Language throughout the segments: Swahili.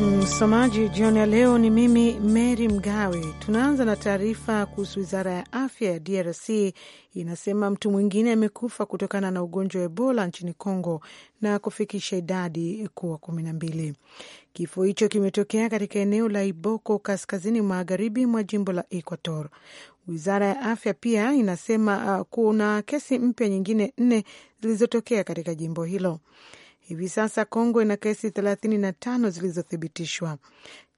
Msomaji jioni ya leo ni mimi Mary Mgawe. Tunaanza na taarifa kuhusu wizara ya afya ya DRC inasema mtu mwingine amekufa kutokana na ugonjwa wa Ebola nchini Congo na kufikisha idadi kuwa kumi na mbili. Kifo hicho kimetokea katika eneo la Iboko, kaskazini magharibi mwa jimbo la Equator. Wizara ya afya pia inasema uh, kuna kesi mpya nyingine nne zilizotokea katika jimbo hilo. Hivi sasa Kongo ina kesi thelathini na tano zilizothibitishwa.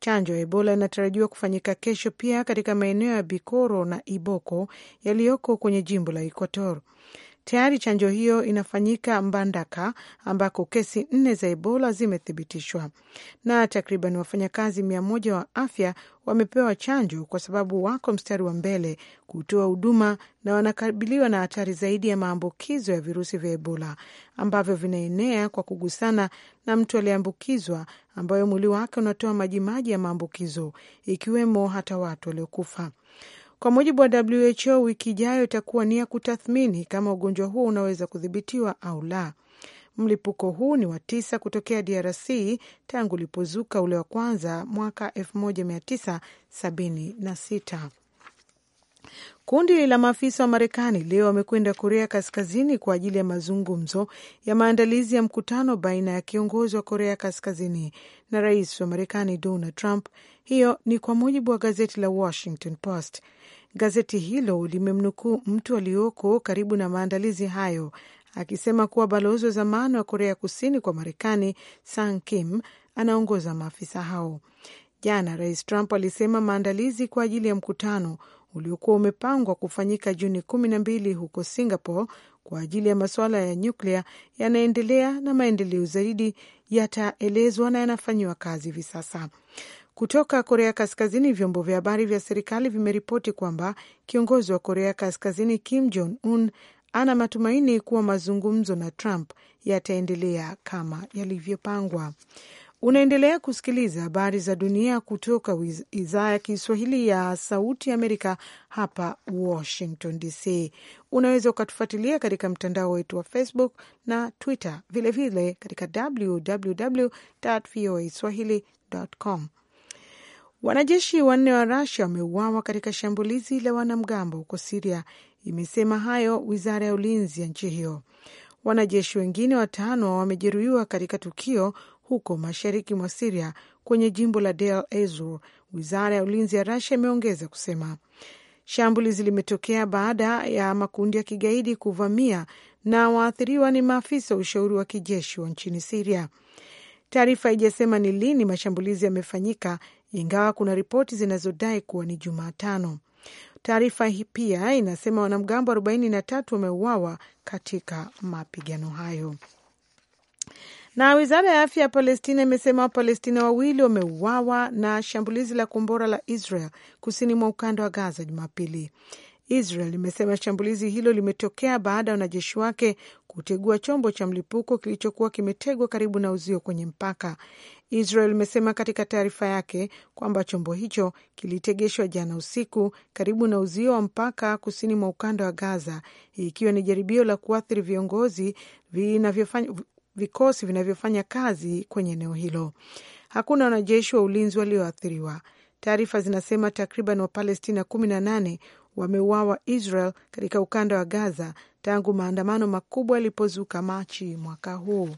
Chanjo ya Ebola inatarajiwa kufanyika kesho pia katika maeneo ya Bikoro na Iboko yaliyoko kwenye jimbo la Equator. Tayari chanjo hiyo inafanyika Mbandaka ambako kesi nne za Ebola zimethibitishwa na takriban wafanyakazi mia moja wa afya wamepewa chanjo kwa sababu wako mstari wa mbele kutoa huduma na wanakabiliwa na hatari zaidi ya maambukizo ya virusi vya Ebola ambavyo vinaenea kwa kugusana na mtu aliyeambukizwa, ambayo mwili wake unatoa majimaji ya maambukizo, ikiwemo hata watu waliokufa. Kwa mujibu wa WHO, wiki ijayo itakuwa ni ya kutathmini kama ugonjwa huo unaweza kudhibitiwa au la. Mlipuko huu ni wa tisa kutokea DRC tangu ulipozuka ule wa kwanza mwaka 1976. Kundi la maafisa wa Marekani leo wamekwenda Korea Kaskazini kwa ajili ya mazungumzo ya maandalizi ya mkutano baina ya kiongozi wa Korea Kaskazini na rais wa Marekani Donald Trump. Hiyo ni kwa mujibu wa gazeti la Washington Post. Gazeti hilo limemnukuu mtu aliyoko karibu na maandalizi hayo akisema kuwa balozi wa zamani wa Korea Kusini kwa Marekani Sang Kim anaongoza maafisa hao. Jana Rais Trump alisema maandalizi kwa ajili ya mkutano uliokuwa umepangwa kufanyika Juni kumi na mbili huko Singapore kwa ajili ya masuala ya nyuklia yanaendelea na maendeleo zaidi yataelezwa na yanafanyiwa kazi hivi sasa. Kutoka Korea Kaskazini, vyombo vya habari vya serikali vimeripoti kwamba kiongozi wa Korea Kaskazini Kim Jong Un ana matumaini kuwa mazungumzo na Trump yataendelea kama yalivyopangwa. Unaendelea kusikiliza habari za dunia kutoka idhaa ya Kiswahili ya Sauti Amerika hapa Washington DC. Unaweza ukatufuatilia katika mtandao wetu wa Facebook na Twitter, vilevile vile katika www voa swahili.com. Wanajeshi wanne wa Rasia wameuawa katika shambulizi la wanamgambo huko Siria. Imesema hayo wizara ya ulinzi ya nchi hiyo. Wanajeshi wengine watano wamejeruhiwa katika tukio huko mashariki mwa Siria kwenye jimbo la Deir Ezzor, wizara ya ulinzi ya rasia imeongeza kusema. Shambulizi limetokea baada ya makundi ya kigaidi kuvamia na waathiriwa ni maafisa wa ushauri wa kijeshi wa nchini Siria. Taarifa haijasema ni lini mashambulizi yamefanyika, ingawa kuna ripoti zinazodai kuwa ni Jumatano. Taarifa hii pia inasema wanamgambo 43 wameuawa katika mapigano hayo. Na wizara ya afya ya Palestina imesema Wapalestina wawili wameuawa na shambulizi la kombora la Israel kusini mwa ukanda wa Gaza Jumapili. Israel imesema shambulizi hilo limetokea baada ya wanajeshi wake kutegua chombo cha mlipuko kilichokuwa kimetegwa karibu na uzio kwenye mpaka. Israel imesema katika taarifa yake kwamba chombo hicho kilitegeshwa jana usiku karibu na uzio wa mpaka kusini mwa ukanda wa Gaza, ikiwa ni jaribio la kuathiri viongozi vikosi vinavyofanya kazi kwenye eneo hilo. Hakuna wanajeshi wa ulinzi walioathiriwa. Taarifa zinasema takriban Wapalestina kumi wameuawa Israel katika ukanda wa Gaza tangu maandamano makubwa yalipozuka Machi mwaka huu.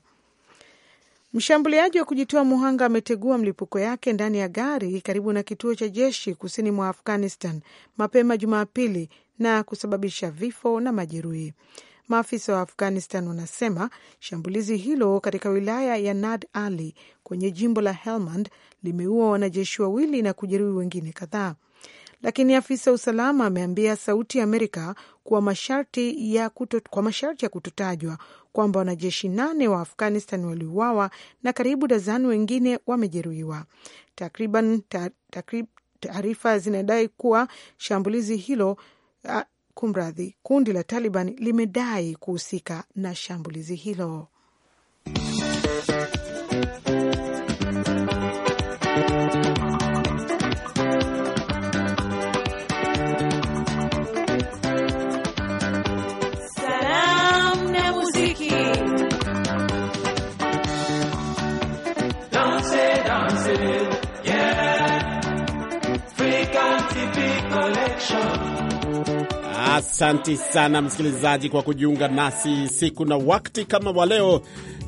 Mshambuliaji wa kujitoa muhanga ametegua mlipuko yake ndani ya gari karibu na kituo cha jeshi kusini mwa Afghanistan mapema Jumapili na kusababisha vifo na majeruhi. Maafisa wa Afghanistan wanasema shambulizi hilo katika wilaya ya Nad Ali kwenye jimbo la Helmand limeua wanajeshi wawili na kujeruhi wengine kadhaa, lakini afisa usalama ameambia Sauti ya Amerika kwa masharti ya kutotajwa kwa kwamba wanajeshi nane wa Afghanistan waliuawa na karibu dazani wengine wamejeruhiwa takriban. Taarifa zinadai kuwa shambulizi hilo Kumradhi, kundi la Taliban limedai kuhusika na shambulizi hilo. Asanti sana msikilizaji kwa kujiunga nasi siku na wakati kama wa leo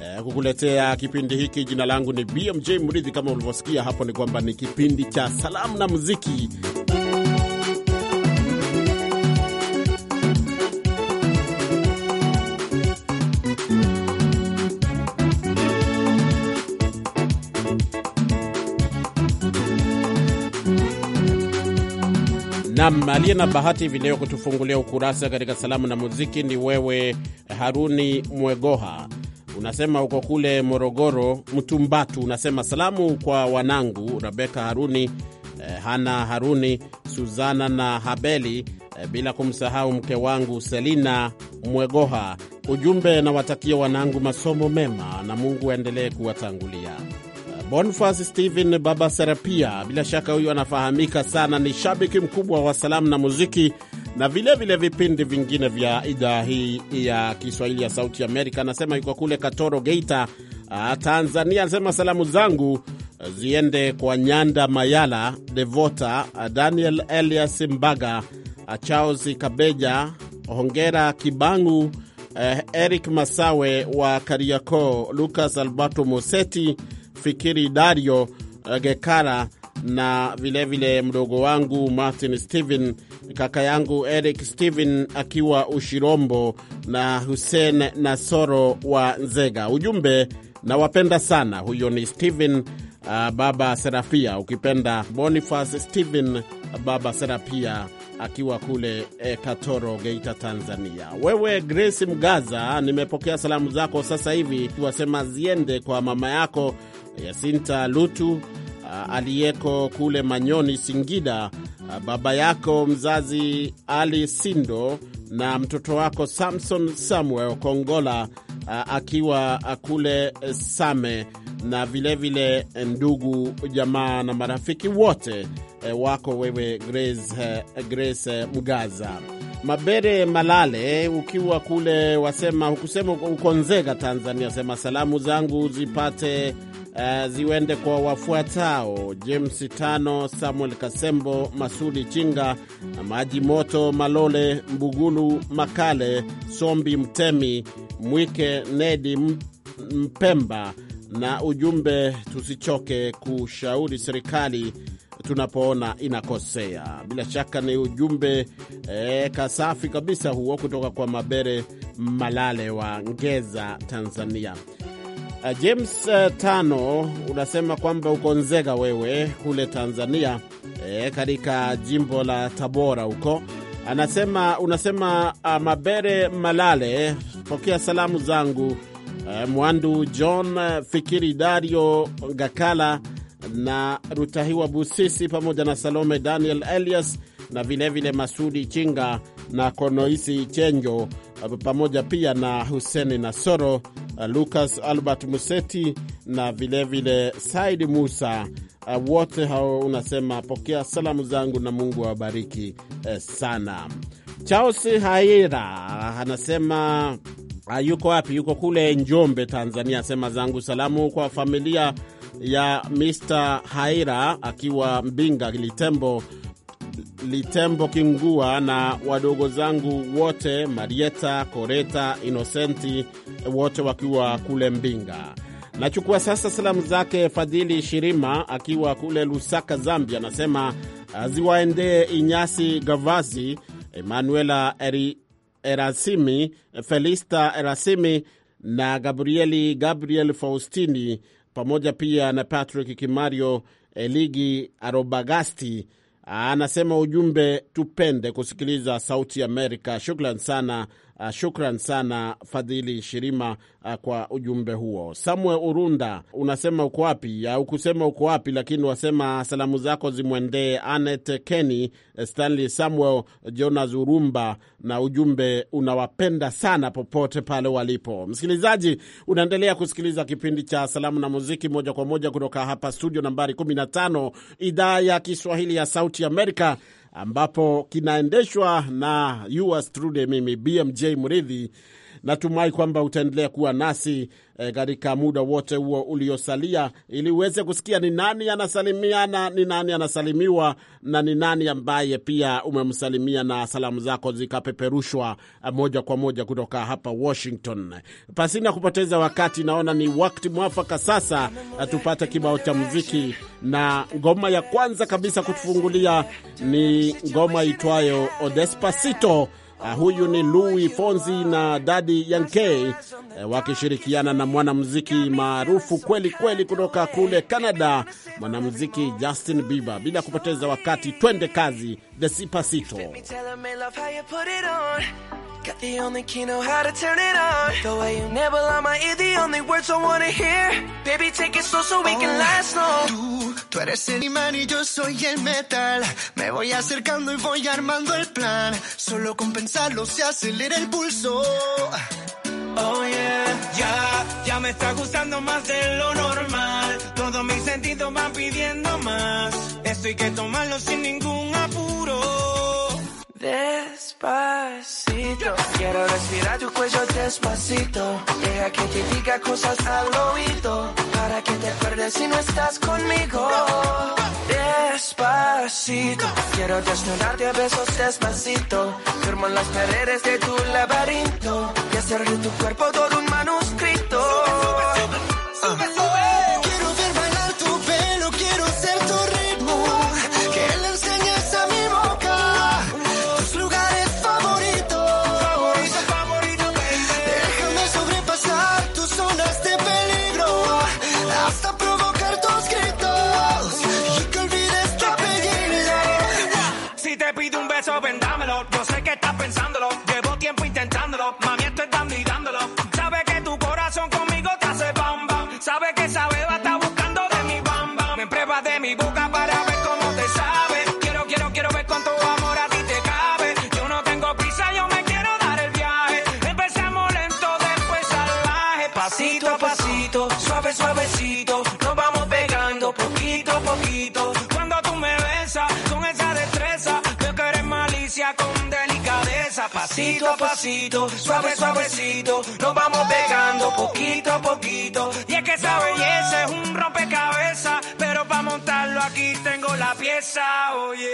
eh, kukuletea kipindi hiki. Jina langu ni BMJ Mridhi. Kama ulivyosikia hapo, ni kwamba ni kipindi cha salamu na muziki Nam aliye na bahati hivi leo kutufungulia ukurasa katika salamu na muziki ni wewe Haruni Mwegoha. Unasema uko kule Morogoro, Mtumbatu. Unasema salamu kwa wanangu Rebeka Haruni, eh, Hana Haruni, Suzana na Habeli, eh, bila kumsahau mke wangu Selina Mwegoha. Ujumbe, nawatakia wanangu masomo mema na Mungu aendelee kuwatangulia bonfas Stephen Baba Serapia, bila shaka huyu anafahamika sana, ni shabiki mkubwa wa salamu na muziki na vilevile vile vipindi vingine vya idhaa hii ya Kiswahili ya Sauti Amerika. Anasema yuko kule Katoro, Geita, Tanzania. Anasema salamu zangu ziende kwa Nyanda Mayala, Devota Daniel, Elias Mbaga, Charles Kabeja, hongera Kibangu, Eric Masawe wa Kariakoo, Lucas Alberto Moseti Fikiri Dario eh, Gekara na vilevile vile mdogo wangu Martin stehen kaka yangu Eric stehen akiwa Ushirombo na Hussein Nasoro wa Nzega. Ujumbe nawapenda sana. Huyo ni stehen uh, eh, baba Serapia, ukipenda Boniface Steven baba Serapia akiwa kule eh, Katoro, Geita, Tanzania. Wewe Grace Mgaza, nimepokea salamu zako sasa hivi, wasema ziende kwa mama yako Yasinta Lutu uh, aliyeko kule Manyoni, Singida, uh, baba yako mzazi Ali Sindo na mtoto wako Samson Samuel Kongola uh, akiwa kule Same na vilevile vile eh, ndugu jamaa na marafiki wote eh, wako wewe, Grace, eh, Grace Mugaza Mabere Malale, ukiwa kule wasema hukusema uko Nzega, Tanzania, sema salamu zangu zipate Uh, ziwende kwa wafuatao: James Tano, Samuel Kasembo, Masudi Chinga, Maji Moto, Malole Mbugulu, Makale Sombi, Mtemi Mwike, Nedi Mpemba na ujumbe, tusichoke kushauri serikali tunapoona inakosea. Bila shaka ni ujumbe e, kasafi kabisa huo kutoka kwa Mabere Malale wa Ngeza, Tanzania. Eh, James eh, Tano unasema kwamba uko Nzega wewe kule Tanzania, e, katika jimbo la Tabora huko. Anasema unasema ah, Mabere Malale, pokea salamu zangu Eh, Mwandu John Fikiri, Dario Gakala na Rutahiwa Busisi pamoja na Salome Daniel Elias na vilevile vile Masudi Chinga na Konoisi Chenjo pamoja pia na Huseni Nasoro, Lucas Albert Museti na vilevile vile Said Musa. Eh, wote hao unasema pokea salamu zangu na Mungu awabariki eh, sana. Charles Haira anasema Ah, yuko wapi? Yuko kule Njombe, Tanzania. sema zangu salamu kwa familia ya Mr Haira akiwa Mbinga Litembo, Litembo Kingua, na wadogo zangu wote Marieta, Koreta, Inosenti, wote wakiwa kule Mbinga. Nachukua sasa salamu zake Fadhili Shirima akiwa kule Lusaka, Zambia. Anasema ah, ziwaendee Inyasi Gavazi, Emanuela Eri, Erasimi, Felista Erasimi na Gabrieli Gabriel Faustini pamoja pia na Patrick Kimario Eligi eh, Arobagasti. Ah, anasema ujumbe, tupende kusikiliza Sauti Amerika. Shukran sana Uh, shukran sana Fadhili Shirima uh, kwa ujumbe huo. Samuel Urunda unasema uko wapi? au ah, kusema uko wapi, lakini wasema salamu zako zimwendee Anet Kenny, eh, Stanley Samuel, Jonas Urumba, na ujumbe unawapenda sana popote pale walipo. Msikilizaji, unaendelea kusikiliza kipindi cha Salamu na Muziki moja kwa moja kutoka hapa studio nambari 15 idhaa ya Kiswahili ya Sauti Amerika ambapo kinaendeshwa na yours truly mimi BMJ Mridhi Natumai kwamba utaendelea kuwa nasi eh, katika e, muda wote huo uliosalia, ili uweze kusikia ni nani anasalimiana, ni nani anasalimiwa, na ni nani ambaye pia umemsalimia, na salamu zako zikapeperushwa eh, moja kwa moja kutoka hapa Washington. Pasina kupoteza wakati, naona ni wakati mwafaka sasa eh, tupate kibao cha muziki, na ngoma ya kwanza kabisa kutufungulia ni ngoma itwayo Despacito Uh, huyu ni Louis Fonzi na Daddy Yankee Eh, wakishirikiana na mwanamuziki maarufu kweli kweli kutoka kule Canada, mwanamuziki Justin Bieber. Bila kupoteza wakati, twende kazi, The Sipasito. Got the only key know how to turn it on. The way you never my ear, the only words I wanna hear. Baby, take it slow so we oh, can last long. Tú, tú eres el imán y yo soy el metal. Me voy acercando y voy armando el plan. Solo con pensarlo se acelera el pulso. Oh yeah, ya, ya me está gustando más de lo normal. Todos mis sentidos van pidiendo más. Esto hay que tomarlo sin ningún apuro. Despacito, quiero respirar tu cuello despacito. Deja que te diga cosas al oído para que te acuerdes si no estás conmigo. Quiero desnudarte a besos despacito. Firmo las paredes de tu laberinto y hacer de tu cuerpo todo un manuscrito. Ah. suavecito, nos vamos pegando poquito a poquito. Cuando tú me besas con esa destreza, veo que malicia con delicadeza. Pasito a pasito, suave, suavecito, nos vamos pegando poquito a poquito. Y es que esa belleza es un rompecabezas pa montarlo aquí tengo la pieza, oye.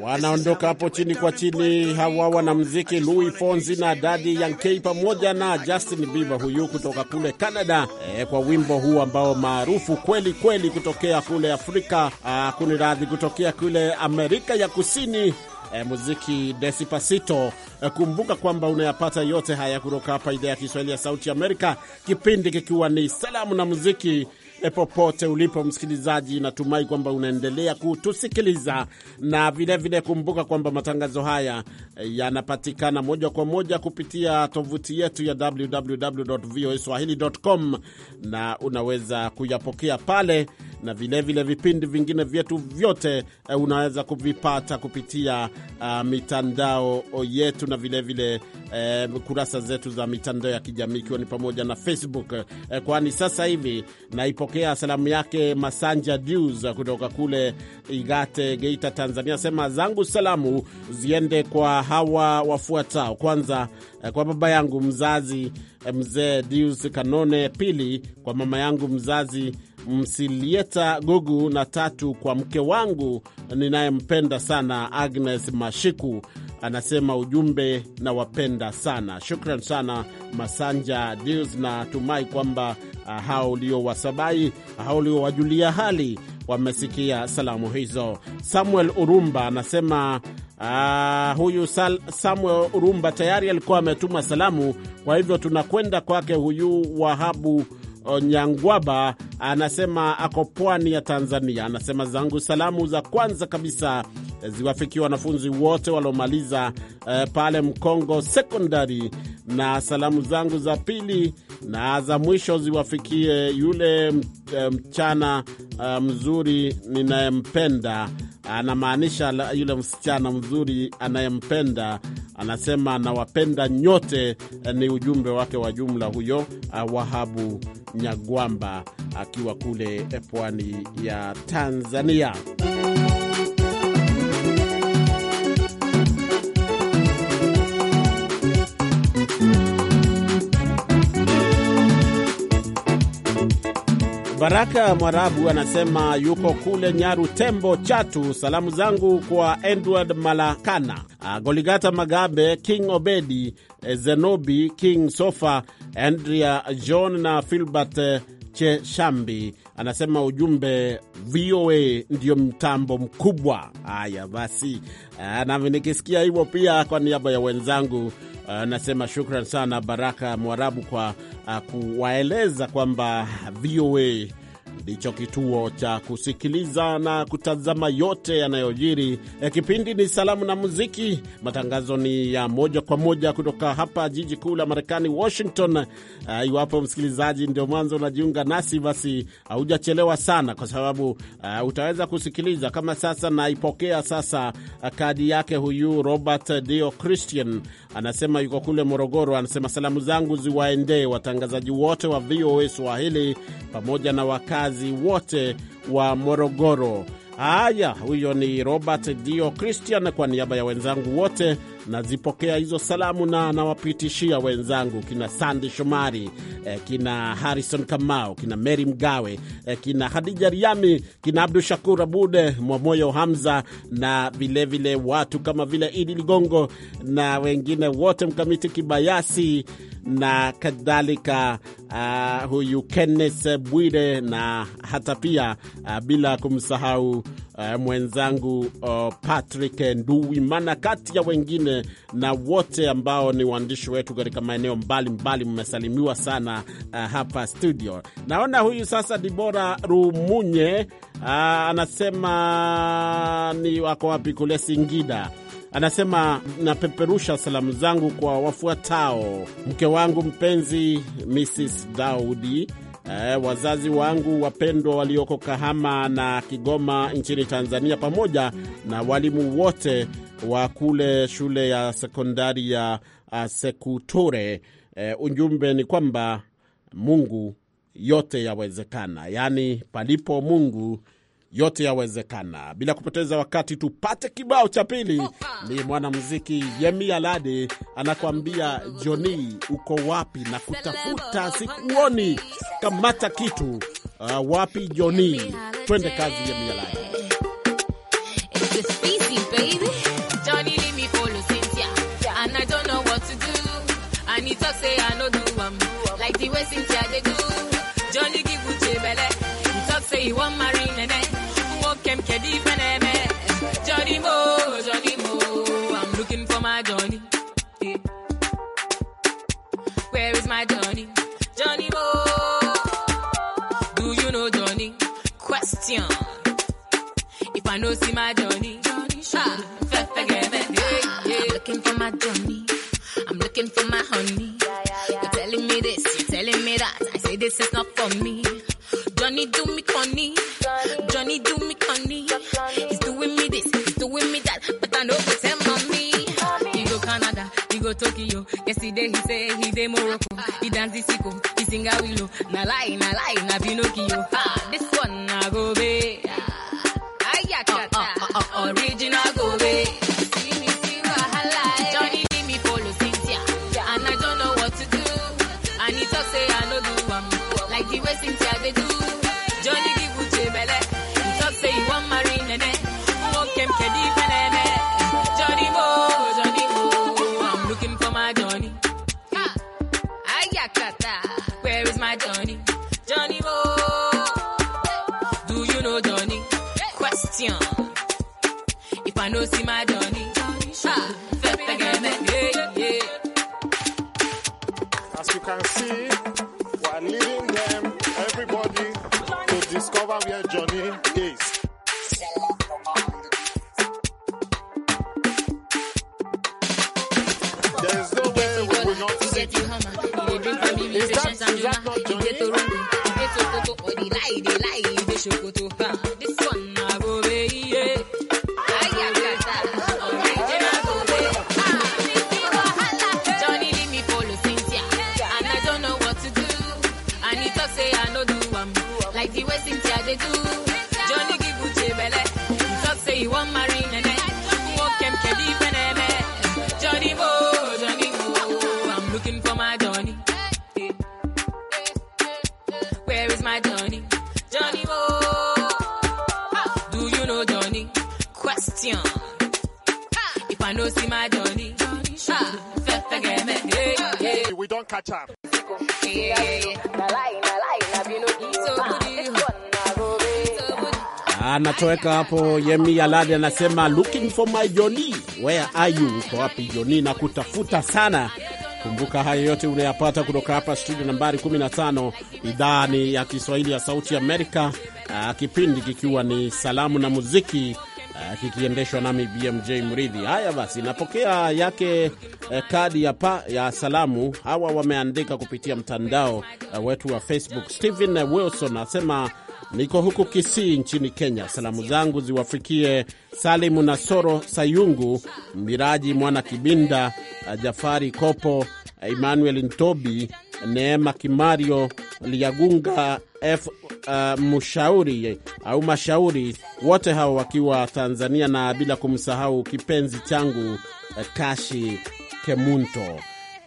Wanaondoka hapo chini kwa chini hawa wanamuziki Louis Fonzi na Daddy Yankee pamoja na Justin Bieber huyu kutoka kule Canada e, kwa wimbo huu ambao maarufu kweli kweli kutokea kule Afrika, ah, kuni radhi kutokea kule Amerika ya Kusini. E, muziki Despacito. E, kumbuka kwamba unayapata yote haya kutoka hapa idhaa ya Kiswahili ya Sauti Amerika, kipindi kikiwa ni salamu na muziki E, popote ulipo msikilizaji, natumai kwamba unaendelea kutusikiliza na vilevile vile kumbuka kwamba matangazo haya e, yanapatikana moja kwa moja kupitia tovuti yetu ya www na unaweza kuyapokea pale na vilevile vile vipindi vingine vyetu vyote eh, unaweza kuvipata kupitia uh, mitandao yetu na vilevile vile, uh, kurasa zetu za mitandao ya kijamii ikiwa ni pamoja na Facebook uh, kwani sasa hivi naipokea salamu yake Masanja Deus kutoka kule Igate, Geita, Tanzania. Sema zangu salamu ziende kwa hawa wafuatao: kwanza kwa baba yangu mzazi mzee dus Kanone, pili kwa mama yangu mzazi Msilieta Gugu, na tatu kwa mke wangu ninayempenda sana Agnes Mashiku. Anasema ujumbe na wapenda sana. Shukran sana Masanja Deus, na tumai kwamba ah, hao uliowasabai, hao uliowajulia hali wamesikia salamu hizo. Samuel Urumba anasema Uh, huyu Sal Samuel Urumba tayari alikuwa ametuma salamu, kwa hivyo tunakwenda kwake huyu Wahabu Onyangwaba anasema ako pwani ya Tanzania. Anasema zangu salamu za kwanza kabisa ziwafikia wanafunzi wote waliomaliza eh, pale Mkongo Sekondari, na salamu zangu za pili na za mwisho ziwafikie yule eh, mchana eh, mzuri ninayempenda anamaanisha yule msichana mzuri anayempenda. Anasema anawapenda nyote, eh, ni ujumbe wake wa jumla huyo ah, Wahabu Nyagwamba akiwa kule eh, pwani ya Tanzania. Baraka Mwarabu anasema yuko kule Nyaru Tembo Chatu. Salamu zangu kwa Edward Malakana, uh, Goligata Magabe, King Obedi, eh, Zenobi King, Sofa Andrea John na Filbert eh, Cheshambi anasema ujumbe VOA ndio mtambo mkubwa. Haya basi, eh, na nikisikia hivyo pia kwa niaba ya wenzangu eh, nasema shukran sana Baraka Mwarabu kwa eh, kuwaeleza kwamba VOA ndicho kituo cha kusikiliza na kutazama yote yanayojiri. E, kipindi ni salamu na muziki. Matangazo ni ya moja kwa moja kutoka hapa jiji kuu la Marekani, Washington. Uh, iwapo msikilizaji ndio mwanzo unajiunga nasi, basi haujachelewa sana, kwa sababu uh, utaweza kusikiliza kama sasa. Naipokea sasa kadi yake huyu Robert Dio Christian, anasema yuko kule Morogoro, anasema salamu zangu ziwaendee watangazaji wote wa VOA Swahili pamoja na wakazi wakazi wote wa Morogoro. Haya, huyo ni Robert Dio Christian. Kwa niaba ya wenzangu wote nazipokea hizo salamu na nawapitishia wenzangu kina Sandi Shomari, eh, kina Harrison Kamau, kina Mary Mgawe, eh, kina Hadija Riami, kina Abdu Shakur Abude, eh, Mwamoyo Hamza na vilevile watu kama vile Idi Ligongo na wengine wote, Mkamiti Kibayasi na kadhalika uh, huyu Kenneth Bwire na hata pia uh, bila kumsahau uh, mwenzangu uh, Patrick Nduwimana kati ya wengine, na wote ambao ni waandishi wetu katika maeneo mbalimbali, mmesalimiwa sana uh, hapa studio. Naona huyu sasa Dibora Rumunye uh, anasema ni wako wapi kule Singida Anasema napeperusha salamu zangu kwa wafuatao: mke wangu mpenzi Mrs Daudi, eh, wazazi wangu wapendwa walioko Kahama na Kigoma nchini Tanzania, pamoja na walimu wote wa kule shule ya sekondari ya eh, sekuture Eh, ujumbe ni kwamba Mungu yote yawezekana, yaani palipo Mungu yote yawezekana. Bila kupoteza wakati, tupate kibao cha pili. Ni mwanamuziki Yemi Alade anakuambia Joni, uko wapi? na kutafuta sikuoni, kamata kitu. Uh, wapi Joni? Twende kazi, Yemi Alade. like the way Cynthia they do. Anita say I no do am. Like the way Cynthia they do time. Anatoweka hapo. Yemi Alade anasema looking for my Joni, where are you? Uko wapi Joni? na kutafuta sana. Kumbuka hayo yote unayapata kutoka hapa studio nambari 15, idhaa ni ya Kiswahili ya Sauti Amerika, ah, kipindi kikiwa ni salamu na muziki kikiendeshwa nami BMJ Mridhi. Haya basi, napokea yake eh, kadi ya, pa, ya salamu. Hawa wameandika kupitia mtandao eh, wetu wa Facebook. Stephen Wilson asema niko huku Kisii nchini Kenya. Salamu zangu ziwafikie Salimu Nasoro Sayungu, Miraji Mwana Kibinda, eh, Jafari Kopo, Emmanuel Ntobi, Neema Kimario Liagunga, F uh, mshauri au mashauri wote hao wakiwa Tanzania, na bila kumsahau kipenzi changu uh, Kashi Kemunto.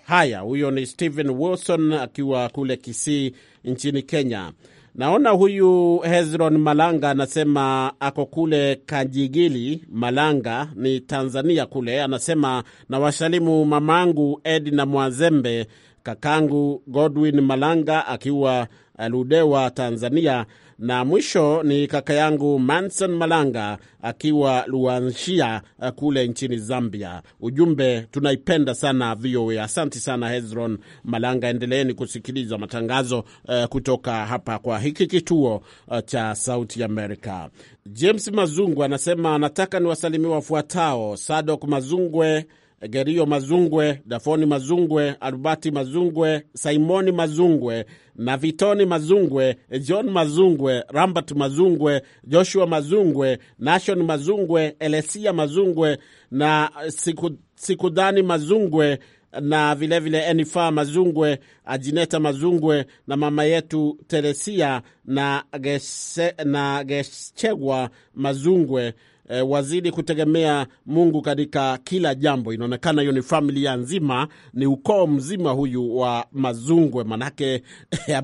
Haya, huyo ni Stephen Wilson akiwa kule Kisii nchini Kenya. Naona huyu Hezron Malanga anasema ako kule Kajigili, Malanga ni Tanzania kule. Anasema na washalimu mamangu Edi na Mwazembe, kakangu Godwin Malanga akiwa Ludewa, Tanzania, na mwisho ni kaka yangu Manson Malanga akiwa Luanshia eh, kule nchini Zambia. Ujumbe, tunaipenda sana VOA. Asante sana Hezron Malanga, endeleeni kusikiliza matangazo uh, kutoka hapa kwa hiki kituo uh, cha Sauti Amerika. James Mazungwe anasema anataka niwasalimia wafuatao: Sadok Mazungwe Gerio Mazungwe, Dafoni Mazungwe, Albati Mazungwe, Simoni Mazungwe navitoni Mazungwe, John Mazungwe, Rambert Mazungwe, Joshua Mazungwe, Nashon Mazungwe, Elesia Mazungwe na siku, Sikudhani Mazungwe na vilevile enifa Mazungwe, Ajineta Mazungwe na mama yetu Teresia na, Gese, na Geshegwa Mazungwe e, wazidi kutegemea Mungu katika kila jambo. Inaonekana hiyo ni familia nzima, ni ukoo mzima huyu wa Mazungwe, manake eh,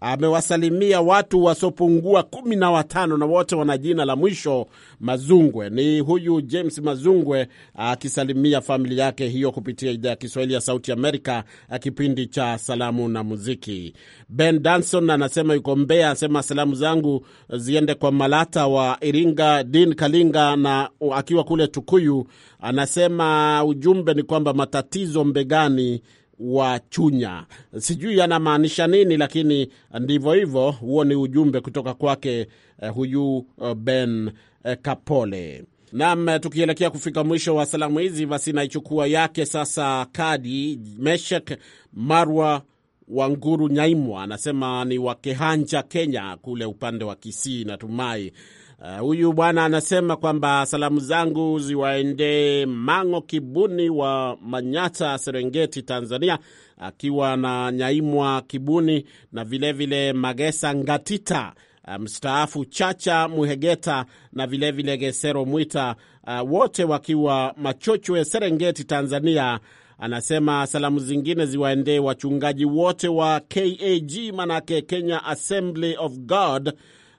amewasalimia watu wasiopungua kumi na watano na wote wana jina la mwisho Mazungwe. Ni huyu James Mazungwe akisalimia familia yake hiyo kupitia idhaa ya Kiswahili ya Sauti Amerika, eh, kipindi cha salamu na muziki. Ben Danson anasema yuko Mbeya, anasema salamu zangu ziende kwa Malata wa Iringa, Din Kali Odinga na akiwa kule Tukuyu, anasema ujumbe ni kwamba matatizo Mbegani wa Chunya, sijui anamaanisha nini, lakini ndivyo hivyo. Huo ni ujumbe kutoka kwake eh, huyu eh, Ben eh, Kapole. Nam, eh, tukielekea kufika mwisho wa salamu hizi, basi naichukua yake sasa kadi Meshek Marwa Wanguru Nyaimwa, anasema ni wakehanja Kenya, kule upande wa Kisii. Natumai Eh, huyu uh, bwana anasema kwamba salamu zangu ziwaendee Mang'o Kibuni wa Manyata, Serengeti, Tanzania, akiwa na Nyaimwa Kibuni na vilevile vile Magesa Ngatita eh, mstaafu um, Chacha Muhegeta na vilevile vile Gesero Mwita, uh, wote wakiwa Machochwe, Serengeti, Tanzania. Anasema salamu zingine ziwaendee wachungaji wote wa KAG, manake Kenya Assembly of God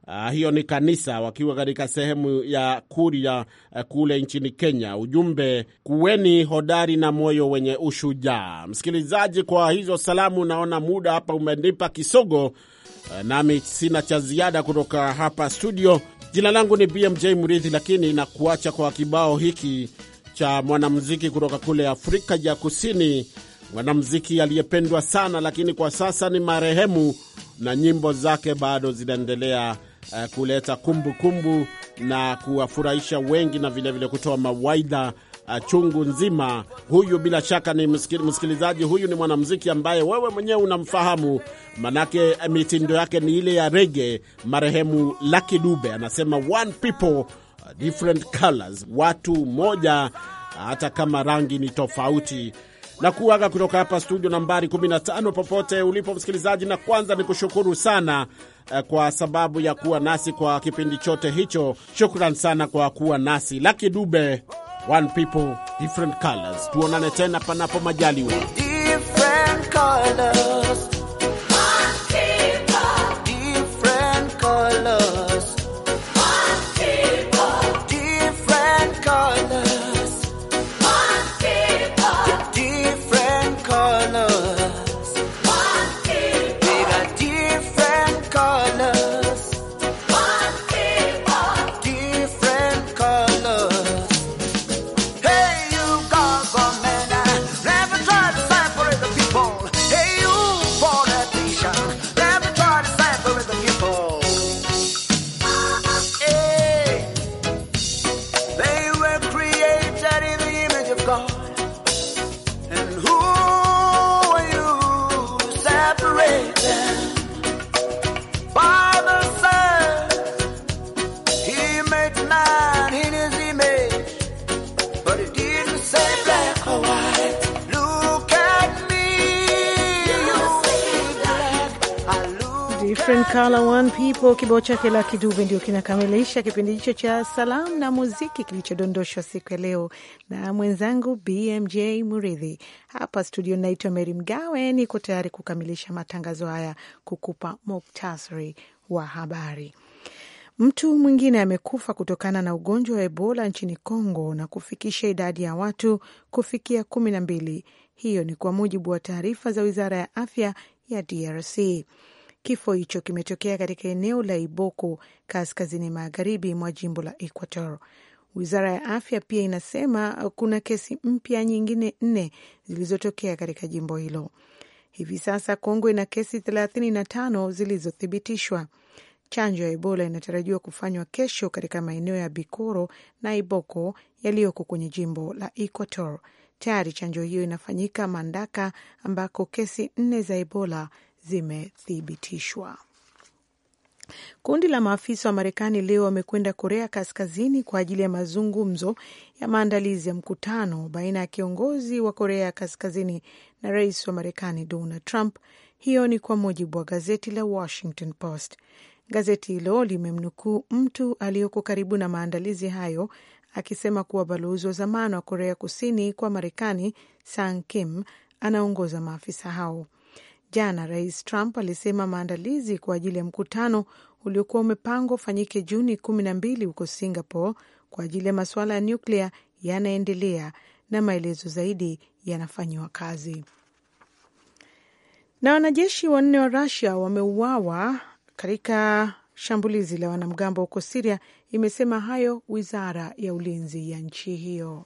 Uh, hiyo ni kanisa wakiwa katika sehemu ya Kuria uh, kule nchini Kenya. Ujumbe kuweni hodari na moyo wenye ushujaa. Msikilizaji, kwa hizo salamu, naona muda hapa umenipa kisogo, uh, nami sina cha ziada kutoka hapa studio. Jina langu ni BMJ Murithi, lakini nakuacha kwa kibao hiki cha mwanamuziki kutoka kule Afrika ya Kusini, mwanamuziki aliyependwa sana, lakini kwa sasa ni marehemu na nyimbo zake bado zinaendelea uh, kuleta kumbukumbu kumbu na kuwafurahisha wengi na vilevile kutoa mawaidha eh, chungu nzima. Huyu bila shaka ni msikilizaji, huyu ni mwanamuziki ambaye wewe mwenyewe unamfahamu, manake eh, mitindo yake ni ile ya rege. Marehemu Lucky Dube anasema one people different colors, watu moja hata kama rangi ni tofauti. Na kuaga kutoka hapa studio nambari 15 popote ulipo msikilizaji, na kwanza ni kushukuru sana Eh, kwa sababu ya kuwa nasi kwa kipindi chote hicho. Shukran sana kwa kuwa nasi. Lucky Dube, one people different colors. Tuonane tena panapo majaliwa. kibao chake la kidube ndio kinakamilisha kipindi hicho cha salamu na muziki kilichodondoshwa siku ya leo na mwenzangu BMJ Muridhi hapa studio. Naitwa Meri Mgawe, niko tayari kukamilisha matangazo haya kukupa muktasari wa habari. Mtu mwingine amekufa kutokana na ugonjwa wa Ebola nchini congo na kufikisha idadi ya watu kufikia kumi na mbili. Hiyo ni kwa mujibu wa taarifa za wizara ya afya ya DRC. Kifo hicho kimetokea katika eneo la Iboko kaskazini magharibi mwa jimbo la Equator. Wizara ya afya pia inasema kuna kesi mpya nyingine nne zilizotokea katika jimbo hilo. Hivi sasa Kongo ina kesi 35 zilizothibitishwa. Chanjo ya Ebola inatarajiwa kufanywa kesho katika maeneo ya Bikoro na Iboko yaliyoko kwenye jimbo la Equator. Tayari chanjo hiyo inafanyika Mandaka, ambako kesi nne za Ebola zimethibitishwa. Kundi la maafisa wa Marekani leo wamekwenda Korea Kaskazini kwa ajili ya mazungumzo ya maandalizi ya mkutano baina ya kiongozi wa Korea Kaskazini na rais wa Marekani Donald Trump. Hiyo ni kwa mujibu wa gazeti la Washington Post. Gazeti hilo limemnukuu mtu aliyoko karibu na maandalizi hayo akisema kuwa balozi wa zamani wa Korea Kusini kwa Marekani Sang Kim anaongoza maafisa hao. Jana Rais Trump alisema maandalizi kwa ajili ya mkutano uliokuwa umepangwa ufanyike Juni kumi na mbili huko Singapore kwa ajili ya masuala ya nyuklia yanaendelea na maelezo zaidi yanafanyiwa kazi. Na wanajeshi wanne wa Rusia wameuawa katika shambulizi la wanamgambo huko Siria. Imesema hayo wizara ya ulinzi ya nchi hiyo.